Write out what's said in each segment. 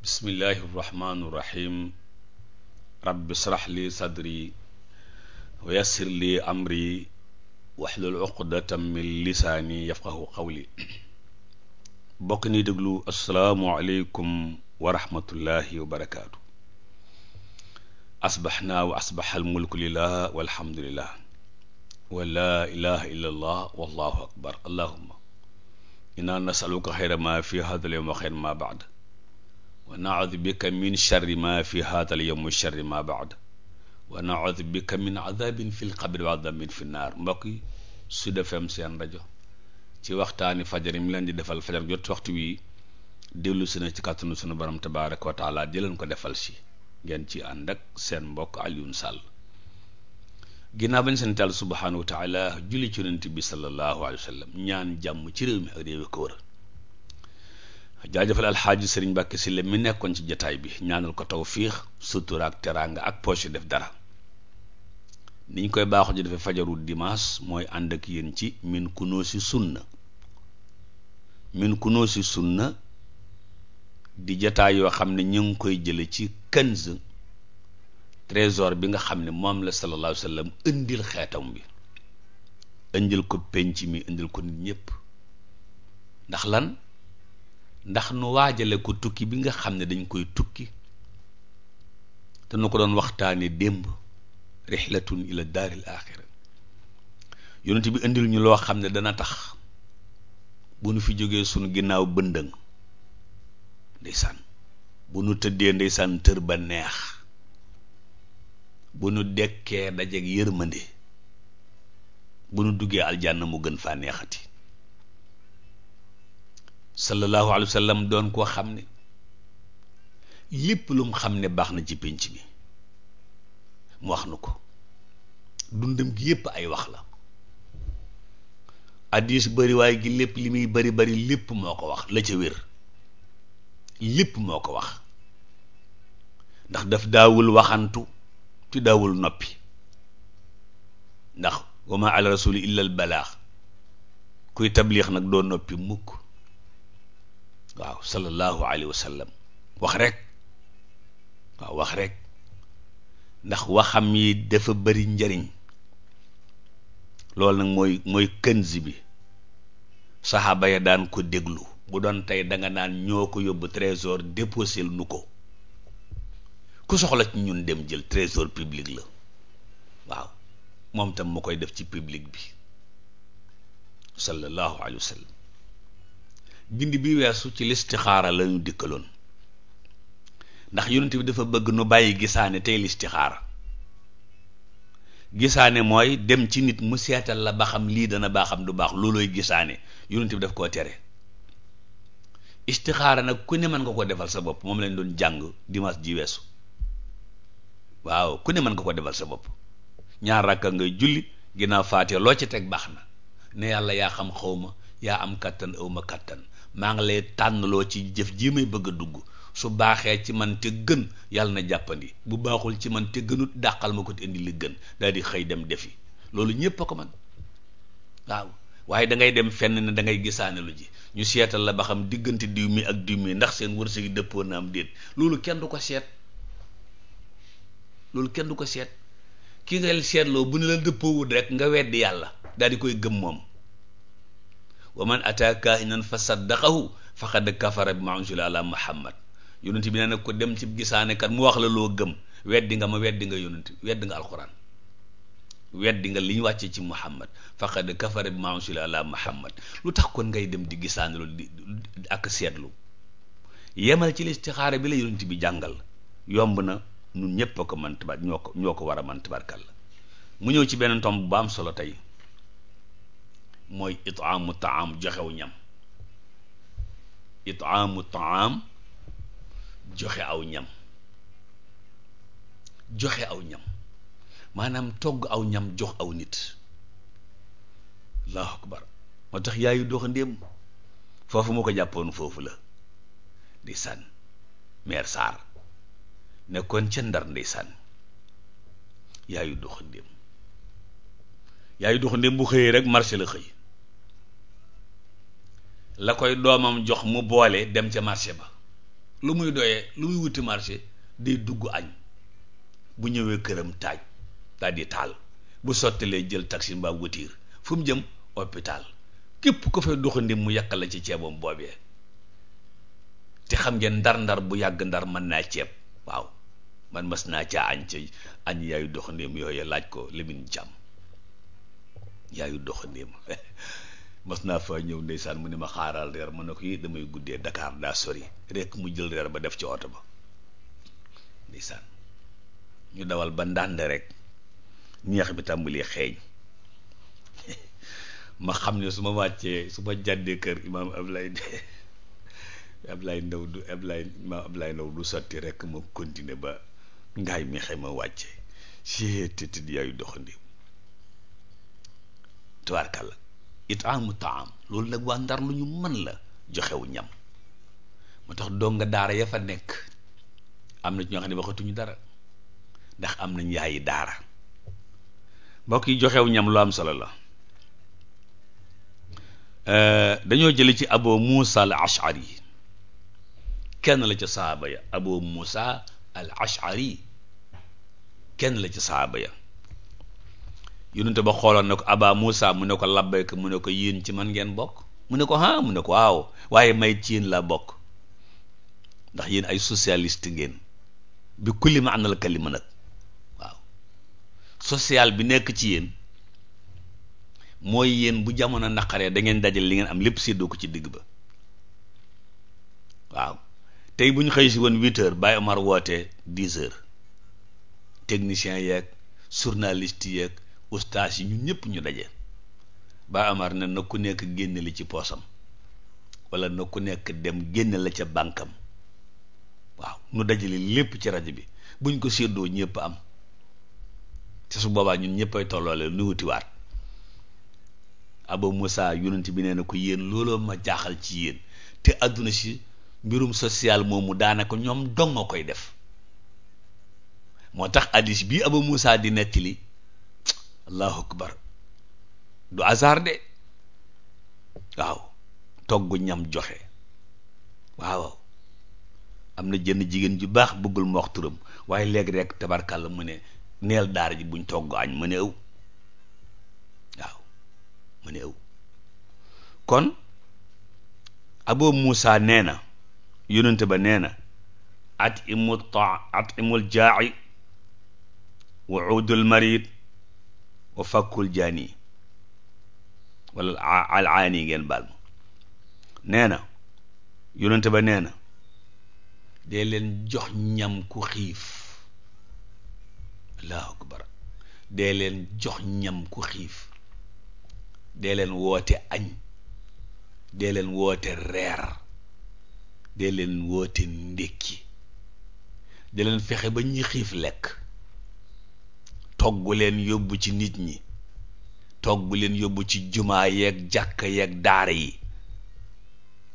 bismillahi irrahmani irrahim rabbi shrah li sadri wa yassir li amri waxlul uqdatam min lisaani yafqahu qawli bokk ni déglu asalaamualeykum wa rahmatullahi wa barakaatu asbaxnaa wa asbaxa almulku lilah walhamdulilah wa laa ilaha illa allah wallahu akbar allahuma inna nasaluka xayra ma fi hada al yawm wa xayra ma baad wa naudu bika min charri ma fi haatal yowm charri ma baad wa naudu bika min adabin fi wa adabin naar mbokk yi Sud FM seen rajo ci waxtaani fajar yi mu leen di defal fajar jot waxtu wi dellu si na ci kàttanu sunu borom tabaaraka wa taala di leen ko defal si ngeen ci ànd seen mbokk Alioune Sall ginnaaw bañ seen taal subhaanahu wa taala julli ci yonent bi sallallahu alayhi ñaan jàmm ci réew mi ak réew yi ko wër jaajëfal alxaaji sëriñ Mbàkke Sylla mi nekkoon ci jataay bi ñaanal ko tawfiix sutura ak teraanga ak poche def dara niñ koy baaxul ci dafay fajaru dimaas mooy ànd ak yéen ci min kunoo si sunna min kunoo si sunna di jataay yoo xam ne ñu ngi koy jële ci kenn trésor bi nga xam ne moom la sallallahu alayhi wa sallam indil xeetam bi indil ko penc mi indil ko nit ñépp ndax lan ndax nu waajale ko tukki bi nga xam ne dañ koy tukki te nu ko doon waxtaane démb rixlatun ila daaril axira yonent bi indil ñu loo xam ne dana tax bu nu fi jógee sunu ginnaaw bëndëng ndeysaan bu nu tëddee ndeysaan tër ba neex bu nu dekkee dajeg yërmande bu nu duggee aljanna mu gën faa neexati sallallahu alayhi wa doon koo xam ne lépp lu xam ne baax na ci pénc mi mu wax nu ko dundam gi yépp ay wax la addis bëri waaye gi lépp li muy bari bari lépp moo ko wax la ca wér lépp moo ko wax ndax daf daawul waxantu te daawul noppi ndax wa ma ala illa al kuy tabliix nag doo noppi mukk waaw sallallahu alayhi wa sallam wax rek waaw wax rek ndax waxam yi dafa bari njariñ loolu nag mooy mooy kënz bi saxaaba ya daan ko déglu bu doon tey danga naan ñoo ko yóbbu trésor déposé nu ko ku soxla ci ñun dem jël trésor public la waaw moom tam mu koy def ci public bi sallallahu alayhi wa bind bi weesu ci listixaara lañu dikkaloon ndax yonent bi dafa bëgg nu bàyyi gisaane tey listixaara gisaane mooy dem ci nit mu seetal la ba xam lii dana baaxam du baax loolooy gisaane yonent bi daf koo tere istixaara nag ku ne mën nga ko defal sa bopp moom lañ doon jàng dimanche ji weesu waaw ku ne mën nga ko defal sa bopp ñaar rakka ngay julli ginnaaw faate loo ci teg baax na ne yàlla yaa xam xaw ma yaa am kàttan aw ma kàttan maa ngi lay tànnaloo ci jëf ji may bëgg a dugg su baaxee ci man te gën yàlla na jàppandi bu baaxul ci man te gënut dàqal ma ko te indi li gën daal di xëy dem defi loolu ñépp a ko man waaw waaye dangay dem fenn ni dangay ngay lu ji ñu seetal la ba xam diggante diw mi ak diw ndax seen wërsëg yi dëppoo na am déet loolu kenn du ko seet loolu kenn du ko seet ki nga seetloo bu ne la dëppoowul rek nga weddi yàlla dal di koy gëm moom wa man ataa kaahinan fa saddaqahu faqad kafara bi ma unzila ala muhammad yonent bi nee na ko dem ci gisaane kat mu wax la loo gëm weddi nga ma weddi nga yonent weddi nga alquran weddi nga li ñu wàccee ci muhammad faqad kafara bi ma unzila ala muhammad lu tax kon ngay dem di gisaane loolu di ak seetlu yemal ci listixaara bi la yonent bi jàngal yomb na ñun ñëpp a ko man tabar ñoo ko war a man tabarkal la mu ñëw ci beneen tomb bu am solo tey mooy itaamu taam joxew ñam itaamu taam joxe aw ñam joxe aw ñam maanaam togg aw ñam jox aw nit allahu akbar moo tax yaayu doxandéem foofu mu ko jàppoon foofu la san meer Sarr nekkoon ca ndar ndeysaan yaayu doxandéem yaayu doxandéem bu xëyee rek marché la xëy la koy doomam jox mu boole dem ca marché ba lu muy doyee lu muy wuti marché day dugg añ bu ñëwee këram taaj daal di taal bu sottalee jël taxi mbaa wutiir fu mu jëm hôpital képp ko fa doxandi mu yàq la ci ceebam boobee te xam ngeen ndar-ndar bu yàgg ndar mën naa ceeb waaw man mas naa caa añ ca añ yaayu doxandéem yooyu laaj ko Lamine Thiam yaayu doxandéem mas naa fa ñëw ndeysaan mu ne ma xaaral reer ma ne ko yi damay guddee Dakar daa sori rek mu jël reer ba def ci oto ba ndeysaan ñu dawal ba ndànd rek ñeex bi tàmbali xeeñ ma xam ne su ma wàccee su ma jàddee kër imaam ab lay Ndaw du Ablaye imaam Ablaye sotti rek ma continuer ba ngaay mi xëy ma wàccee si tëdd yaayu doxandi tubaarkàlla itaamu taam loolu nag waa ndar lu ñu mën la joxewu ñam mu tax doo nga daara ya fa nekk am na ci ñoo xam ne waxatuñu dara ndax am nañ yaayi daara mbokk yi joxewu ñam lu am solo la euh, dañoo jël ci abo Moussa al Ashari kenn la ca saaba ya abo Moussa al Ashari kenn la ca saaba ya yonente ba xooloon na ko Aba Moussa mu ne ko labbayka mu ne ko yéen ci man ngeen bokk mu ne ko ah mu ne ko waaw waaye may ci yéen laa bokk ndax yéen ay socialiste ngeen bi kulli ma anal kalima nag waaw social bi nekk ci yéen mooy yéen bu jamono naqaree da ngeen dajal li ngeen am lépp séddoo ko ci digg ba waaw tey bu ñu xëy si woon huit heures Baye Omar wootee dix technicien yeeg journaliste yeeg. ustaas yi ñun ñëpp ñu daje ba amar na na ku nekk génne li ci poosam wala na ku nekk dem génne la ca bànkam waaw nu dajale lépp ci rajo bi buñ ko séddoo ñëpp am te su boobaa ñun ñëppay tolloole nu wutiwaat aba Moussa yonent bi nee na ko yéen looloo ma jaaxal ci yéen te àdduna si mbirum social moomu daanaka ñoom dong koy def moo tax addis bii Abu Moussa di nettali allahu akbar du hasard de waaw togg ñam joxe waaw am na jënn jigéen ju baax bëggul ma wax turam waaye léegi rek tabarkàlla mu ne neel daara ji buñ togg añ mu ne ëw waaw mu ne ëw kon abu muusa nee na yonente ba nee na at imul ta at imul jaa'i wa udul marid wa fàkkul jaani wala al aani ngeen baal ma nee na yonente ba nee na dee leen jox ñam ku xiif allahu akbar dee leen jox ñam ku xiif dee leen woote añ dee leen woote reer dee leen woote ndékki dee leen fexe ba ñi xiif lekk togg leen yóbbu ci nit ñi togg leen yóbbu ci jumaa yeeg jàkka yeeg daara yi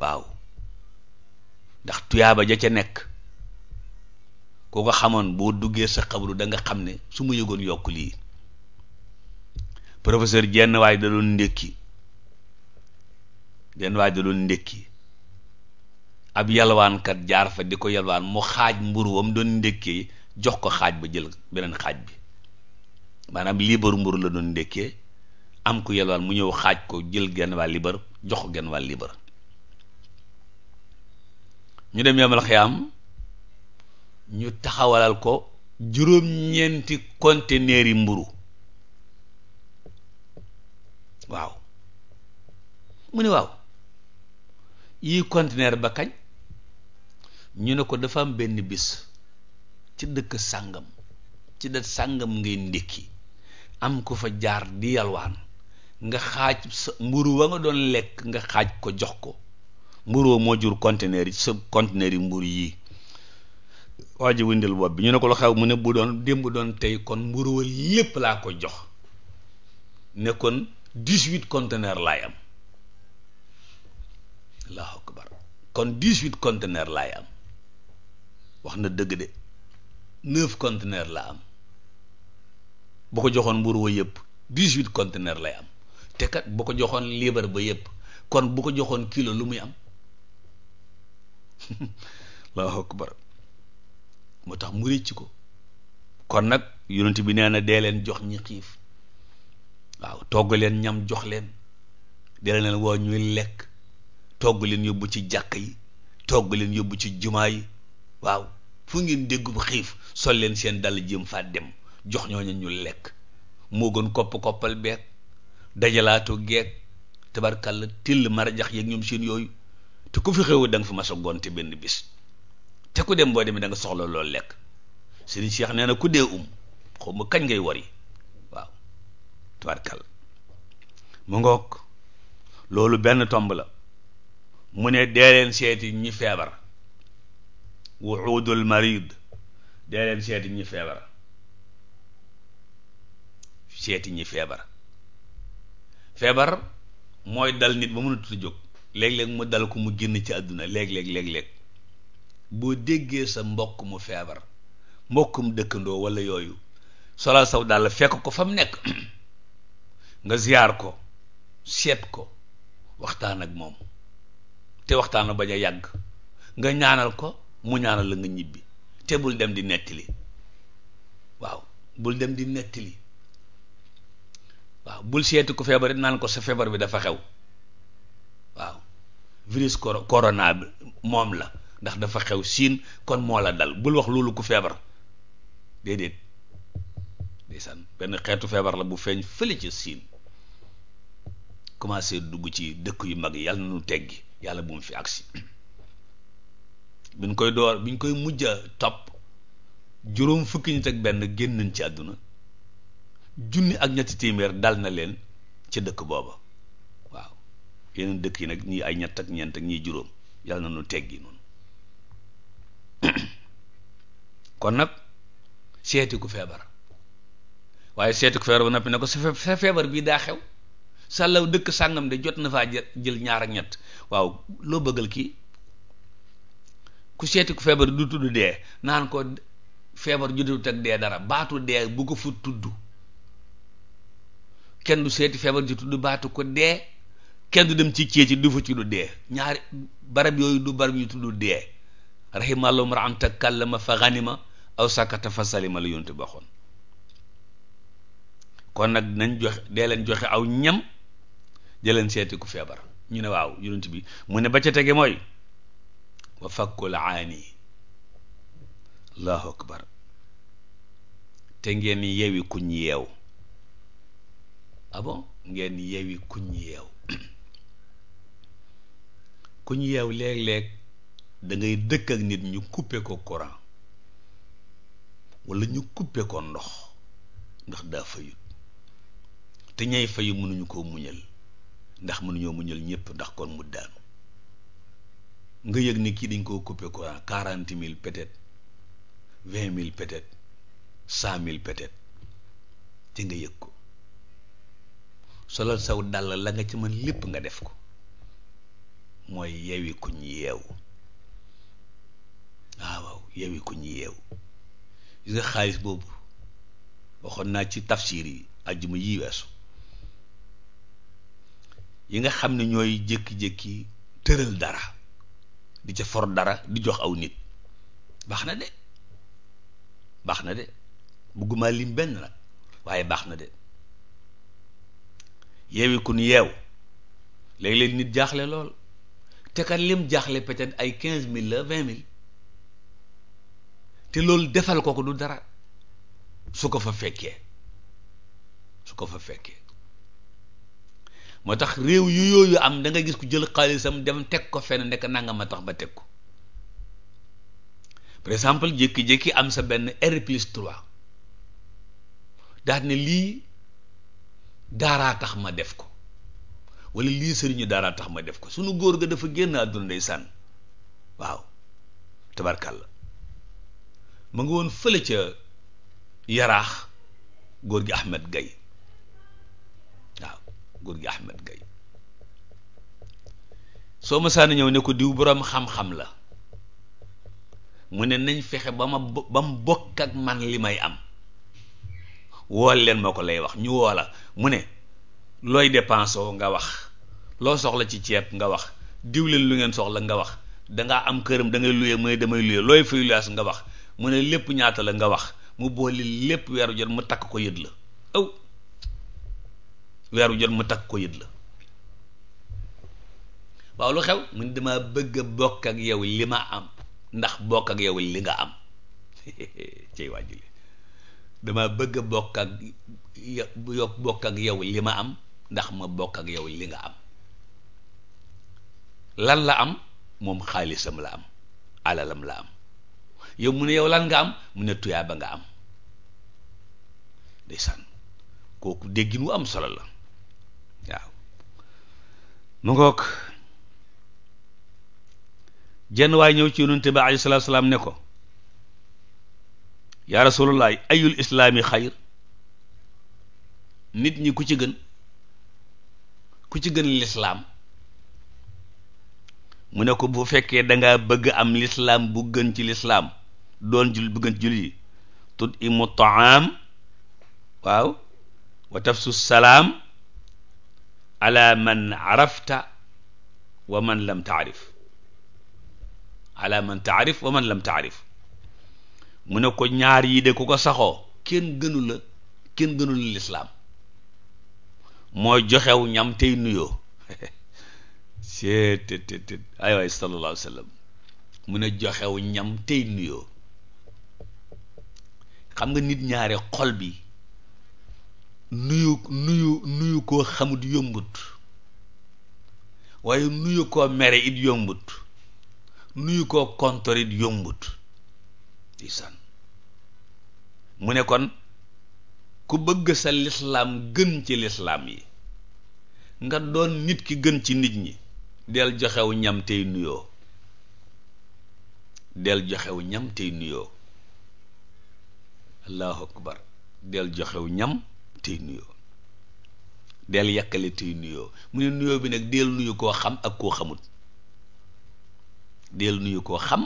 waaw ndax tuyaaba ja ca nekk koo ko xamoon boo duggee sa xabru da xam ne su ma yëgoon yokk lii professeur jenn waay da doon ndékki jenn waay da doon ndékki ab yalwaankat jaar fa di ko yalwaan mu xaaj mburu doon ndékkee jox ko xaaj ba jël beneen xaaj bi maanaam liibaru mburu la doon ndekkee am ku yelwaan mu ñëw xaaj ko jël genn waa liibar jox ko genn waa liibar ñu dem yamal xiyaam ñu taxawalal ko juróom-ñeenti conteneur yi mburu waaw mu ne waaw yii conteneur ba kañ ñu ne ko dafa am benn bis ci dëkk sàngam ci dëkk sàngam ngay ndékki am ko fa jaar di yalwaan nga xaaj sa mburu wa nga doon lekk nga xaaj ko jox ko mburu moo jur conteneur yi sa conteneur yi mburu yi waa ji windil bi ñu ne ko la xew mu ne bu doon démb doon tey kon mburu wa lépp laa ko jox ne kon dix-huit laay am allahu akbar kon laay am wax na dëgg de neuf conteneur laa am bu ko joxoon mburu wa yëpp dix-huit conteneur lay am te kat bu ko joxoon liibar ba yépp kon bu ko joxoon kilo lu muy am allahu akbar moo tax mu rëcc ko kon nag yonent bi nee na dee leen jox ñi xiif waaw togg leen ñam jox leen dee leen woo ñuy lekk togg leen yóbbu ci jàkk yi togg leen yóbbu ci jumaa yi waaw fu ngeen dégg bu xiif sol leen seen dal jëm faa dem jox ñooñu ñu lekk moo gën kopp-koppal beeg dajalaatu geeg tabarkàlla till marjax yeeg ñoom seen yooyu te ku fi xewu da nga fi mas a gonte benn bis te ku dem boo demee da nga soxla loolu lekk sëriñ Cheikh nee na ku dee um xaw ma kañ ngay wari waaw tabarkàlla mu ngoog loolu benn tomb la mu ne dee leen seeti ñi feebar wuxuudul marid dee leen seeti ñi feebar seeti ñi feebar feebar mooy dal nit ba mënatut a jóg léeg-léeg mu dal ko mu génn ci àdduna léeg-léeg boo déggee sa mbokk mu feebar mbokkum dëkkandoo walla yooyu solal saw dàll fekk ko fa mu nekk nga ziyaar ko seet ko waxtaan ak moom te waxtaan bañ a yàgg nga ñaanal ko mu ñaanal la nga ñibbi te bul dem di nettali waaw bul dem di nettali waaw bul seeti ku feebar it naan ko sa feebar bi dafa xew waaw virus cor moom la ndax dafa xew siin kon moo la dal bul wax loolu ku feebar déedéet ndeysaan benn xeetu feebar la bu feeñ fële ci siin commencé dugg ci dëkk yu mag yi yàlla na nu teggi yàlla bu mu fi agsi bi koy door bi koy mujj a topp juróom fukki nit ak benn génn nañ ci àdduna junni ak ñetti téeméer dal na leen ca dëkk booba waaw yeneen dëkk yi nag ñii ay ñett ak ñeent ak ñii juróom yàlla na nu teggi noonu kon nag seeti ku feebar waaye seeti ku feebar ba noppi ne ko sa feebar bii daa xew sàllaw dëkk sàngam de jot na faa jël ñaar ak ñett waaw loo bëggal kii ku seeti ku feebar du tudd dee naan ko feebar ju dul teg dee dara baatu dee bu ko fu tudd kenn du seeti feebar ji tudd baatu ko dee kenn dem ci cee du fa ci du yooyu du barab yu tudd dee rahimallahu aw sakata fa kon nag nañ joxe dee leen joxe aw ñam dee leen seeti ku feebar ñu ne waaw yonent bi mu ne ba ca tege mooy wa fakkul aani allahu akbar te ngeen yewi kuñ yeew ah bon ngeen yeewi kuñ yeew kuñ yeew léeg-léeg da ngay dëkk ak nit ñu couper ko courant wala ñu couper ko ndox ndax daa fayut te ñay fayu mënuñu koo muñal ndax mënuñoo muñal ñëpp ndax kon mu daanu nga yëg ni kii dañ koo couper courant quarante mille peut-être vingt mille peut-être cent mille peut-être te nga yëg ko. solal saw dàll la nga ci mën lépp nga def ko mooy yewi ku ñu yeewu ah, waaw yewi ku ñu yeewu gis nga xaalis boobu waxoon naa ci tafsir yi àjjuma yi weesu yi nga xam ne ñooy jékki-jékki tëral dara di ca for dara di jox aw nit baax na de baax na de bëgguma lim benn nag waaye baax na de yeewi ku yeew léeg-léeg nit jaaxle lool te lim jaaxle peut-être ay quinze mille la vingt mille te loolu defal ko ko du dara su ko fa fekkee su ko fa fekkee moo tax réew yu yooyu am da gis ku jël xaalisam dem teg ko fenn nekk nangam ma tax ba teg ko par exemple jékki-jékki am sa benn R plus 3 daal lii. daaraa tax ma def ko wala lii sëriñu daaraa tax ma def ko sunu góor ga dafa génn dey ndeysaan waaw tabarkàlla mu nga woon fële ca yaraax góor gi Ahmed Gay waaw góor gi Ahmed Gay soo ma saan ñëw ne ko diw boroom xam-xam la mu ne nañ fexe ba ma ba mu bokk ak man li may am wool leen moo ko lay wax ñu woola mu ne looy dépensé nga wax loo soxla ci ceeb nga wax diwleen lu ngeen soxla nga wax dangaa am këram da ngay luyee mu ne damay luyee looy fay nga wax mu ne lépp ñaata la nga wax mu boole lépp weeru jot mu takk ko yët la aw weeru jot mu takk ko yët la waaw lu xew mu ne dama bëgg bokk ak yow li ma am ndax bokk ak yow li nga am ciy wàjjule dama bëgg a bokk ak yo bokk ak yow li ma am ndax ma bokk ak yow li nga am lan la am moom xaalisam la am alalam la am yow mu ne yow lan nga am mu ne tuyaa ba nga am ndeysaan kooku déggin wu am solo la waaw mu ngoog jenn waay ñëw ci yonente bi alayhi salaam ne ko yaa rasulullaah ayul islaami xayr nit ñi ku ci gën ku ci gën lislaam mu ne ko bu fekkee dangaa bëgg am lislaam bu gën ci lislaam doon jul bu gën jul yi tut imu taam waaw wa tafsu salaam ala man arafta wa man lam taarif ala man taarif wa man lam taarif mu ne ko ñaar yii de ku ko saxoo kenn gënu la kenn gënu la lislaam mooy joxew ñam tey nuyoo seet te te te ay ñam tey nuyoo xam nga nit ñaari xol bi nuyu nuyu nuyu koo xamut yombut waaye nuyu koo mere it yombut nuyu koo kontor yombut ndeysaan mu ne kon ku bëgg sa lislaam gën ci lislaam yi nga doon nit ki gën ci nit ñi del joxew ñam tey nuyoo del joxew ñam tey nuyoo allahu akbar del joxew ñam tey nuyoo del yàkkale tey nuyoo mu ne nuyoo bi nag del nuyu koo xam ak koo xamut del nuyu koo xam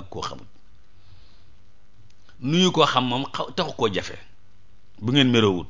ak koo xamut nuyu ko xam moom xaw taxu koo jafe bu ngeen merewut